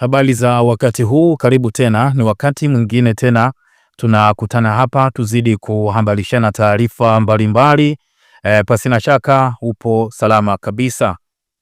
Habari za wakati huu, karibu tena. Ni wakati mwingine tena tunakutana hapa tuzidi kuhambalishana taarifa mbalimbali. E, eh, na shaka upo salama kabisa.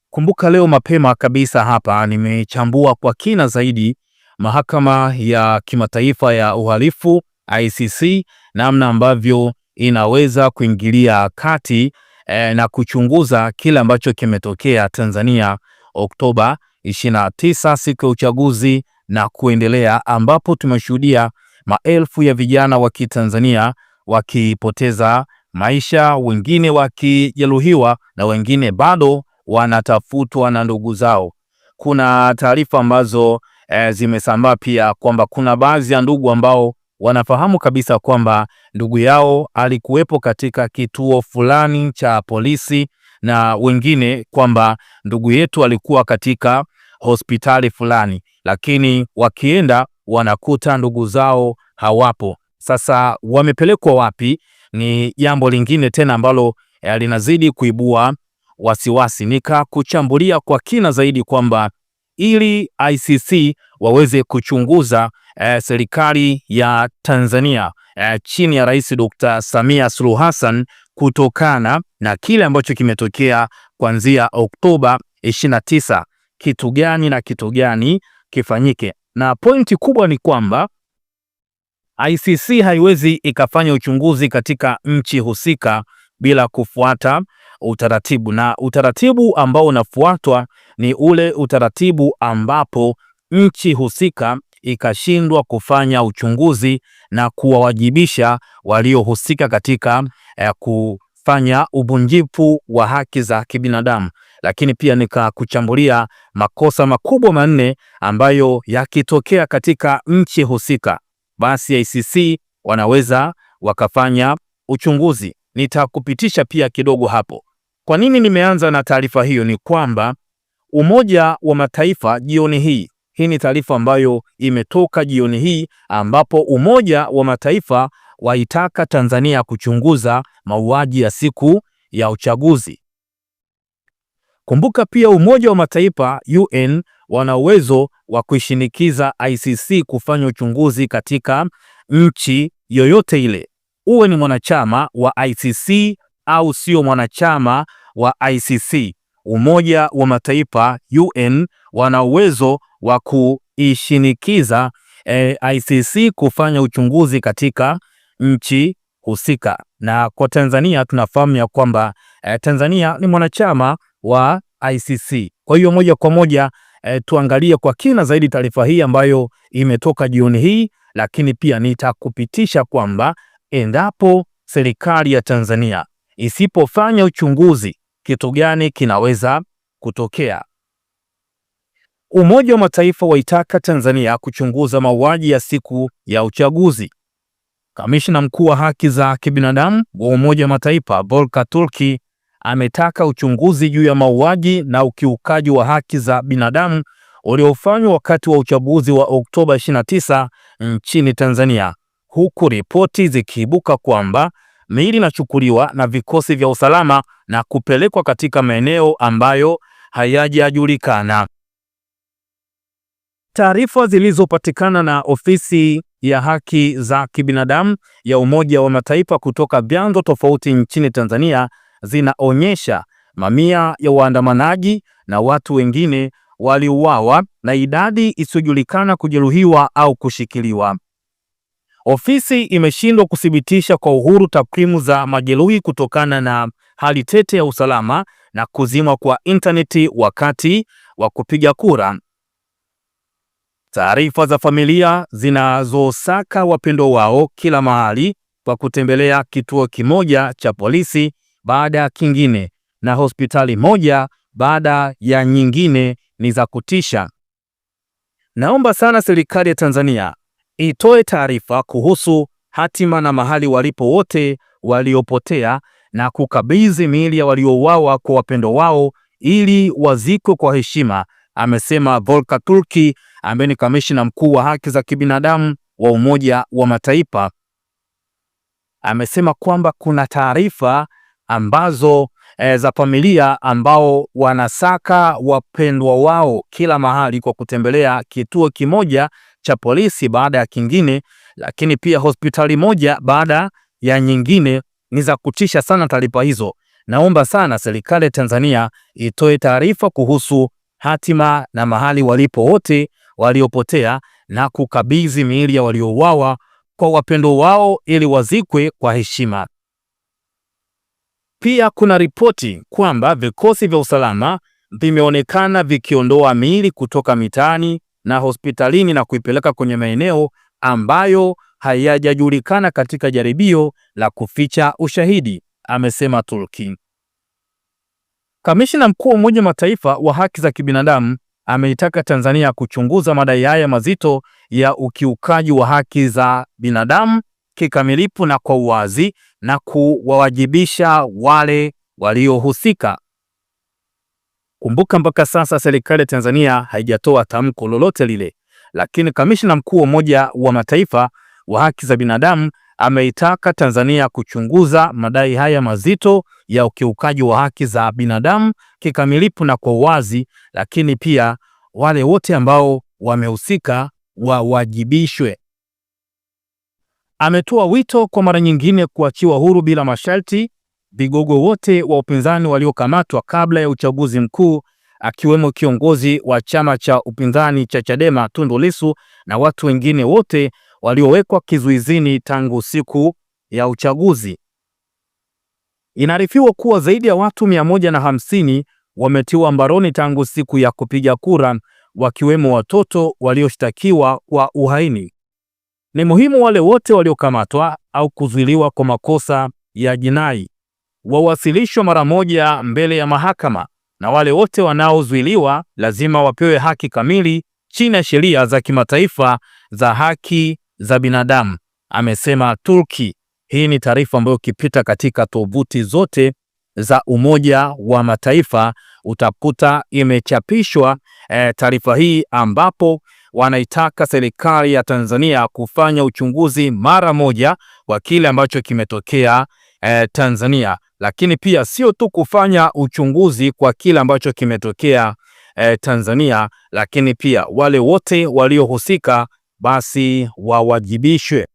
Kumbuka leo mapema kabisa hapa nimechambua kwa kina zaidi mahakama ya kimataifa ya uhalifu ICC, namna ambavyo inaweza kuingilia kati e, na kuchunguza kile ambacho kimetokea Tanzania Oktoba 29 siku ya uchaguzi na kuendelea, ambapo tumeshuhudia maelfu ya vijana wa Kitanzania wakipoteza maisha, wengine wakijeruhiwa na wengine bado wanatafutwa na ndugu zao. Kuna taarifa ambazo e, zimesambaa pia kwamba kuna baadhi ya ndugu ambao wanafahamu kabisa kwamba ndugu yao alikuwepo katika kituo fulani cha polisi na wengine kwamba ndugu yetu alikuwa katika hospitali fulani, lakini wakienda wanakuta ndugu zao hawapo. Sasa wamepelekwa wapi ni jambo lingine tena ambalo eh, linazidi kuibua wasiwasi. Nikakuchambulia kwa kina zaidi kwamba ili ICC waweze kuchunguza eh, serikali ya Tanzania eh, chini ya Rais Dr. Samia Suluhu Hassan kutokana na kile ambacho kimetokea kuanzia Oktoba 29, kitu gani na kitu gani kifanyike. Na pointi kubwa ni kwamba ICC haiwezi ikafanya uchunguzi katika nchi husika bila kufuata utaratibu, na utaratibu ambao unafuatwa ni ule utaratibu ambapo nchi husika ikashindwa kufanya uchunguzi na kuwawajibisha waliohusika katika eh, kufanya uvunjifu wa haki za kibinadamu, lakini pia nikakuchambulia makosa makubwa manne ambayo yakitokea katika nchi husika, basi ICC wanaweza wakafanya uchunguzi. Nitakupitisha pia kidogo hapo. Kwa nini nimeanza na taarifa hiyo? Ni kwamba Umoja wa Mataifa jioni hii hii ni taarifa ambayo imetoka jioni hii ambapo Umoja wa Mataifa waitaka Tanzania kuchunguza mauaji ya siku ya uchaguzi. Kumbuka pia Umoja wa Mataifa UN wana uwezo wa kuishinikiza ICC kufanya uchunguzi katika nchi yoyote ile, uwe ni mwanachama wa ICC au sio mwanachama wa ICC. Umoja wa Mataifa UN wana uwezo wa kuishinikiza eh, ICC kufanya uchunguzi katika nchi husika. Na kwa Tanzania tunafahamu ya kwamba e, Tanzania ni mwanachama wa ICC. Kwa hiyo moja kwa moja e, tuangalie kwa kina zaidi taarifa hii ambayo imetoka jioni hii, lakini pia nitakupitisha kwamba endapo serikali ya Tanzania isipofanya uchunguzi, kitu gani kinaweza kutokea. Umoja wa Mataifa waitaka Tanzania kuchunguza mauaji ya siku ya uchaguzi. Kamishna mkuu wa haki za kibinadamu wa Umoja wa Mataifa Volker Turk ametaka uchunguzi juu ya mauaji na ukiukaji wa haki za binadamu uliofanywa wakati wa uchaguzi wa Oktoba 29 nchini Tanzania, huku ripoti zikiibuka kwamba miili inachukuliwa na vikosi vya usalama na kupelekwa katika maeneo ambayo hayajajulikana. Taarifa zilizopatikana na ofisi ya haki za kibinadamu ya Umoja wa Mataifa kutoka vyanzo tofauti nchini Tanzania zinaonyesha mamia ya waandamanaji na watu wengine waliuawa na idadi isiyojulikana kujeruhiwa au kushikiliwa. Ofisi imeshindwa kuthibitisha kwa uhuru takwimu za majeruhi kutokana na hali tete ya usalama na kuzima kwa intaneti wakati wa kupiga kura. Taarifa za familia zinazosaka wapendo wao kila mahali kwa kutembelea kituo kimoja cha polisi baada ya kingine na hospitali moja baada ya nyingine ni za kutisha. Naomba sana serikali ya Tanzania itoe taarifa kuhusu hatima na mahali walipo wote waliopotea na kukabidhi miili ya waliouawa kwa wapendo wao ili wazikwe kwa heshima, amesema Volker turki ambaye ni kamishina mkuu wa haki za kibinadamu wa Umoja wa Mataifa amesema kwamba kuna taarifa ambazo e, za familia ambao wanasaka wapendwa wao kila mahali kwa kutembelea kituo kimoja cha polisi baada ya kingine, lakini pia hospitali moja baada ya nyingine. Ni za kutisha sana taarifa hizo. Naomba sana serikali ya Tanzania itoe taarifa kuhusu hatima na mahali walipo wote waliopotea na kukabidhi miili ya waliouawa kwa wapendo wao ili wazikwe kwa heshima. Pia kuna ripoti kwamba vikosi vya usalama vimeonekana vikiondoa miili kutoka mitaani na hospitalini na kuipeleka kwenye maeneo ambayo hayajajulikana katika jaribio la kuficha ushahidi, amesema Turki. kamishina mkuu wa Umoja wa Mataifa wa haki za kibinadamu ameitaka Tanzania kuchunguza madai haya mazito ya ukiukaji wa haki za binadamu kikamilifu na kwa uwazi na kuwawajibisha wale waliohusika. Kumbuka, mpaka sasa serikali ya Tanzania haijatoa tamko lolote lile, lakini kamishna mkuu wa Umoja wa Mataifa wa haki za binadamu ameitaka Tanzania kuchunguza madai haya mazito ya ukiukaji wa haki za binadamu kikamilifu na kwa uwazi, lakini pia wale wote ambao wamehusika wawajibishwe. Ametoa wito kwa mara nyingine kuachiwa huru bila masharti vigogo wote wa upinzani waliokamatwa kabla ya uchaguzi mkuu akiwemo kiongozi wa chama cha upinzani cha Chadema Tundu Lissu na watu wengine wote waliowekwa kizuizini tangu siku ya uchaguzi. Inaarifiwa kuwa zaidi ya watu 150 wametiwa mbaroni tangu siku ya kupiga kura, wakiwemo watoto walioshtakiwa kwa uhaini. Ni muhimu wale wote waliokamatwa au kuzuiliwa kwa makosa ya jinai wawasilishwe mara moja mbele ya mahakama, na wale wote wanaozuiliwa lazima wapewe haki kamili chini ya sheria za kimataifa za haki za binadamu, amesema Turki. Hii ni taarifa ambayo ukipita katika tovuti zote za Umoja wa Mataifa utakuta imechapishwa e, taarifa hii ambapo wanaitaka serikali ya Tanzania kufanya uchunguzi mara moja wa kile ambacho kimetokea e, Tanzania, lakini pia sio tu kufanya uchunguzi kwa kile ambacho kimetokea e, Tanzania, lakini pia wale wote waliohusika basi wawajibishwe.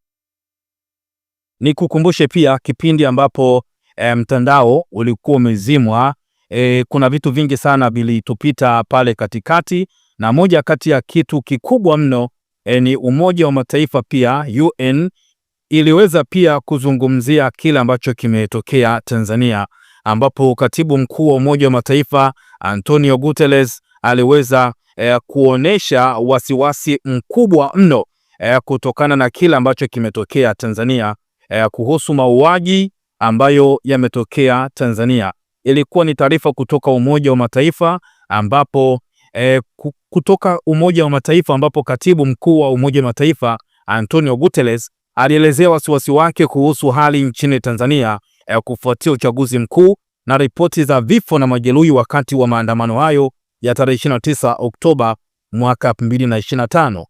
Nikukumbushe pia kipindi ambapo e, mtandao ulikuwa umezimwa e, kuna vitu vingi sana vilitupita pale katikati, na moja kati ya kitu kikubwa mno e, ni Umoja wa Mataifa pia UN iliweza pia kuzungumzia kile ambacho kimetokea Tanzania, ambapo katibu mkuu wa Umoja wa Mataifa Antonio Guterres aliweza eh, kuonesha wasiwasi mkubwa mno eh, kutokana na kile ambacho kimetokea Tanzania eh, kuhusu mauaji ambayo yametokea Tanzania. Ilikuwa ni taarifa kutoka Umoja wa Mataifa ambapo eh, kutoka Umoja wa Mataifa ambapo katibu mkuu wa Umoja wa Mataifa Antonio Guterres alielezea wasiwasi wake kuhusu hali nchini Tanzania eh, kufuatia uchaguzi mkuu na ripoti za vifo na majeruhi wakati wa maandamano hayo ya tarehe 29 Oktoba mwaka 2025.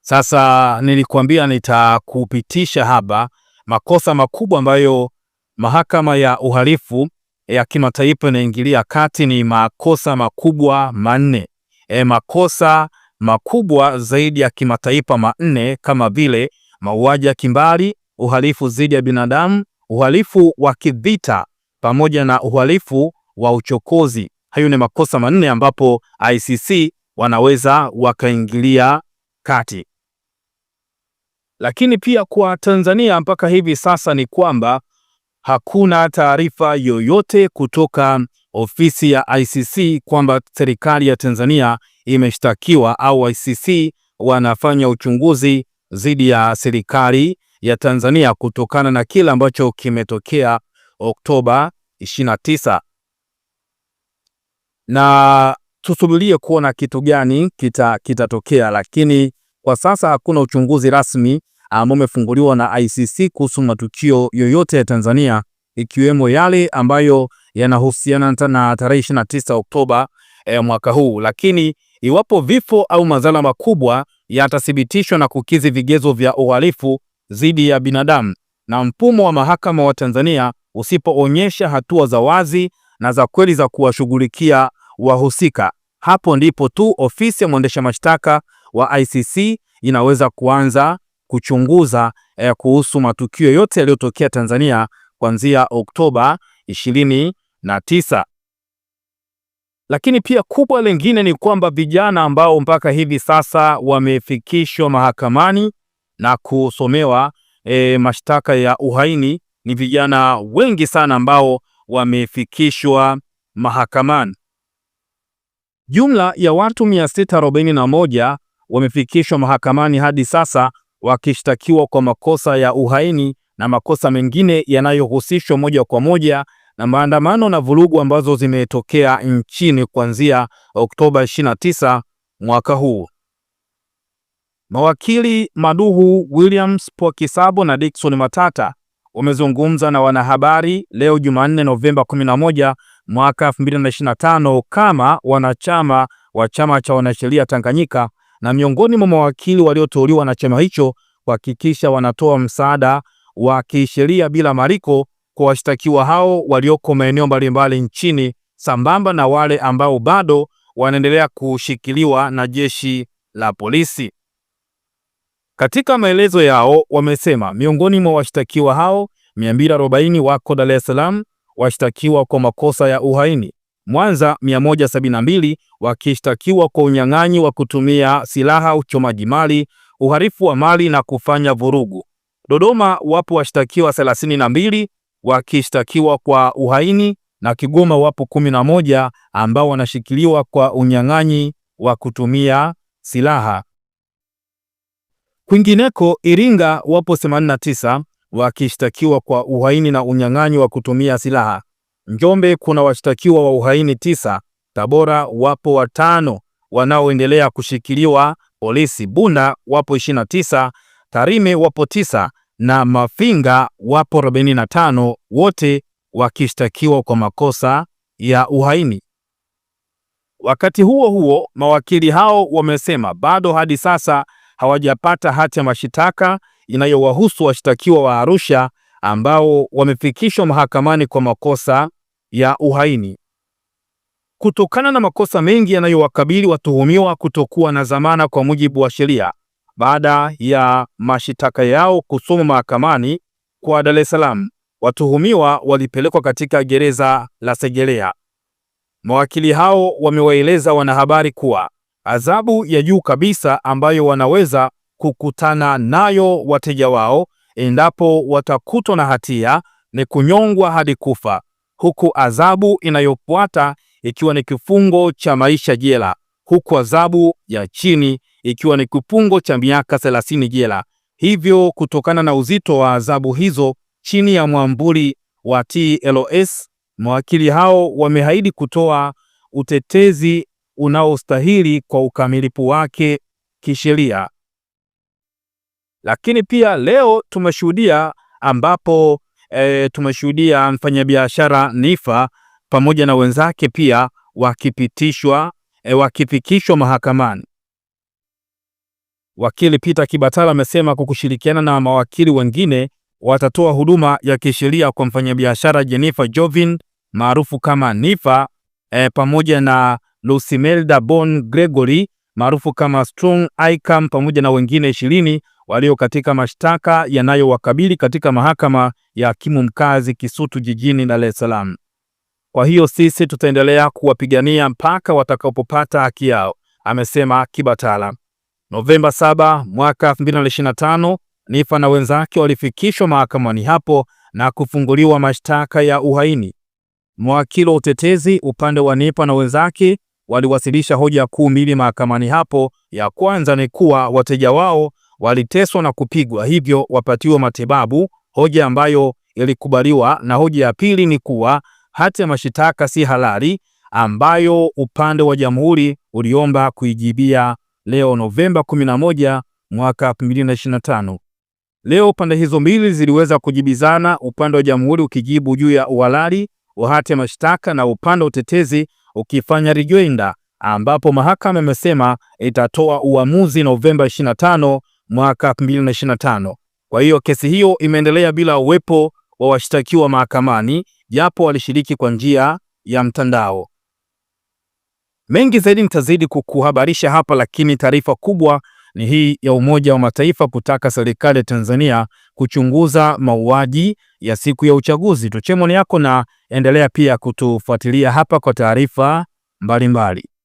Sasa nilikuambia nitakupitisha hapa makosa makubwa ambayo mahakama ya uhalifu ya kimataifa inaingilia kati. Ni makosa makubwa manne, e, makosa makubwa zaidi ya kimataifa manne kama vile mauaji ya kimbari, uhalifu dhidi ya binadamu, uhalifu wa kivita pamoja na uhalifu wa uchokozi. Hayo ni makosa manne ambapo ICC wanaweza wakaingilia kati. Lakini pia kwa Tanzania mpaka hivi sasa ni kwamba hakuna taarifa yoyote kutoka ofisi ya ICC kwamba serikali ya Tanzania imeshtakiwa au ICC wanafanya uchunguzi dhidi ya serikali ya Tanzania kutokana na kile ambacho kimetokea Oktoba 29 na tusubirie kuona kitu gani kitatokea kita, lakini kwa sasa hakuna uchunguzi rasmi ah, ambao umefunguliwa na ICC kuhusu matukio yoyote ya Tanzania ikiwemo yale ambayo yanahusiana na tarehe 29 Oktoba eh, mwaka huu, lakini iwapo vifo au madhara makubwa yatathibitishwa na kukizi vigezo vya uhalifu dhidi ya binadamu na mfumo wa mahakama wa Tanzania usipoonyesha hatua za wazi na za kweli za kuwashughulikia wahusika. Hapo ndipo tu ofisi ya mwendesha mashtaka wa ICC inaweza kuanza kuchunguza eh, kuhusu matukio yote yaliyotokea Tanzania kuanzia Oktoba 29. Lakini pia kubwa lingine ni kwamba vijana ambao mpaka hivi sasa wamefikishwa mahakamani na kusomewa eh, mashtaka ya uhaini ni vijana wengi sana ambao wamefikishwa mahakamani. Jumla ya watu 641 wamefikishwa mahakamani hadi sasa wakishtakiwa kwa makosa ya uhaini na makosa mengine yanayohusishwa moja kwa moja na maandamano na vurugu ambazo zimetokea nchini kuanzia Oktoba 29 mwaka huu. Mawakili Maduhu Williams Pokisabo na Dickson Matata wamezungumza na wanahabari leo Jumanne Novemba 11 mwaka 2025 kama wanachama wa Chama cha Wanasheria Tanganyika na miongoni mwa mawakili walioteuliwa na chama hicho kuhakikisha wanatoa msaada wa kisheria bila malipo kwa washtakiwa hao walioko maeneo mbalimbali nchini sambamba na wale ambao bado wanaendelea kushikiliwa na jeshi la polisi. Katika maelezo yao wamesema miongoni mwa washtakiwa hao 240 wako Dar es Salaam, washtakiwa kwa makosa ya uhaini, Mwanza 172 wakishtakiwa kwa unyang'anyi wa kutumia silaha, uchomaji mali, uharifu wa mali na kufanya vurugu. Dodoma wapo washtakiwa 32 wakishtakiwa kwa uhaini na Kigoma wapo 11 ambao wanashikiliwa kwa unyang'anyi wa kutumia silaha. Kwingineko Iringa wapo 89 wakishtakiwa kwa uhaini na unyang'anyi wa kutumia silaha. Njombe kuna washtakiwa wa uhaini tisa. Tabora wapo watano wanaoendelea kushikiliwa polisi. Bunda wapo 29, Tarime wapo tisa na Mafinga wapo 45, wote wakishtakiwa kwa makosa ya uhaini. Wakati huo huo, mawakili hao wamesema bado hadi sasa hawajapata hati ya mashitaka inayowahusu washtakiwa wa Arusha ambao wamefikishwa mahakamani kwa makosa ya uhaini. Kutokana na makosa mengi yanayowakabili watuhumiwa kutokuwa na dhamana kwa mujibu wa sheria, baada ya mashitaka yao kusoma mahakamani kwa Dar es Salaam, watuhumiwa walipelekwa katika gereza la Segerea. Mawakili hao wamewaeleza wanahabari kuwa adhabu ya juu kabisa ambayo wanaweza kukutana nayo wateja wao endapo watakutwa na hatia ni kunyongwa hadi kufa, huku adhabu inayofuata ikiwa ni kifungo cha maisha jela, huku adhabu ya chini ikiwa ni kifungo cha miaka 30 jela. Hivyo, kutokana na uzito wa adhabu hizo chini ya mwambuli wa TLS, mawakili hao wameahidi kutoa utetezi unaostahili kwa ukamilifu wake kisheria. Lakini pia leo tumeshuhudia ambapo e, tumeshuhudia mfanyabiashara Niffer pamoja na wenzake pia wakipitishwa e, wakifikishwa mahakamani. Wakili Peter Kibatala amesema kwa kushirikiana na mawakili wengine watatoa huduma ya kisheria kwa mfanyabiashara Jennifer Jovin maarufu kama Niffer e, eh, pamoja na Lusimelda Bon Gregory maarufu kama Strong Icam pamoja na wengine ishirini walio katika mashtaka yanayowakabili katika mahakama ya hakimu mkazi Kisutu jijini Dar es Salaam. Kwa hiyo sisi tutaendelea kuwapigania mpaka watakapopata haki yao, amesema Kibatala. Novemba 7 mwaka 2025, Nifa na wenzake walifikishwa mahakamani hapo na kufunguliwa mashtaka ya uhaini. Mwakili wa utetezi upande wa Nipa na wenzake waliwasilisha hoja kuu mbili mahakamani hapo. Ya kwanza ni kuwa wateja wao waliteswa na kupigwa, hivyo wapatiwe matibabu, hoja ambayo ilikubaliwa, na hoja ya pili ni kuwa hati ya mashitaka si halali, ambayo upande wa jamhuri uliomba kuijibia leo Novemba 11 mwaka 2025. Leo pande hizo mbili ziliweza kujibizana, upande wa jamhuri ukijibu juu ya uhalali wa hati ya mashtaka na upande wa utetezi ukifanya rejoinder ambapo mahakama imesema itatoa uamuzi Novemba 25 mwaka 2025. Kwa hiyo kesi hiyo imeendelea bila uwepo wa washtakiwa mahakamani japo walishiriki kwa njia ya mtandao. Mengi zaidi nitazidi kukuhabarisha hapa, lakini taarifa kubwa ni hii ya Umoja wa Mataifa kutaka serikali ya Tanzania kuchunguza mauaji ya siku ya uchaguzi. Tuchemoni yako na endelea pia kutufuatilia hapa kwa taarifa mbalimbali.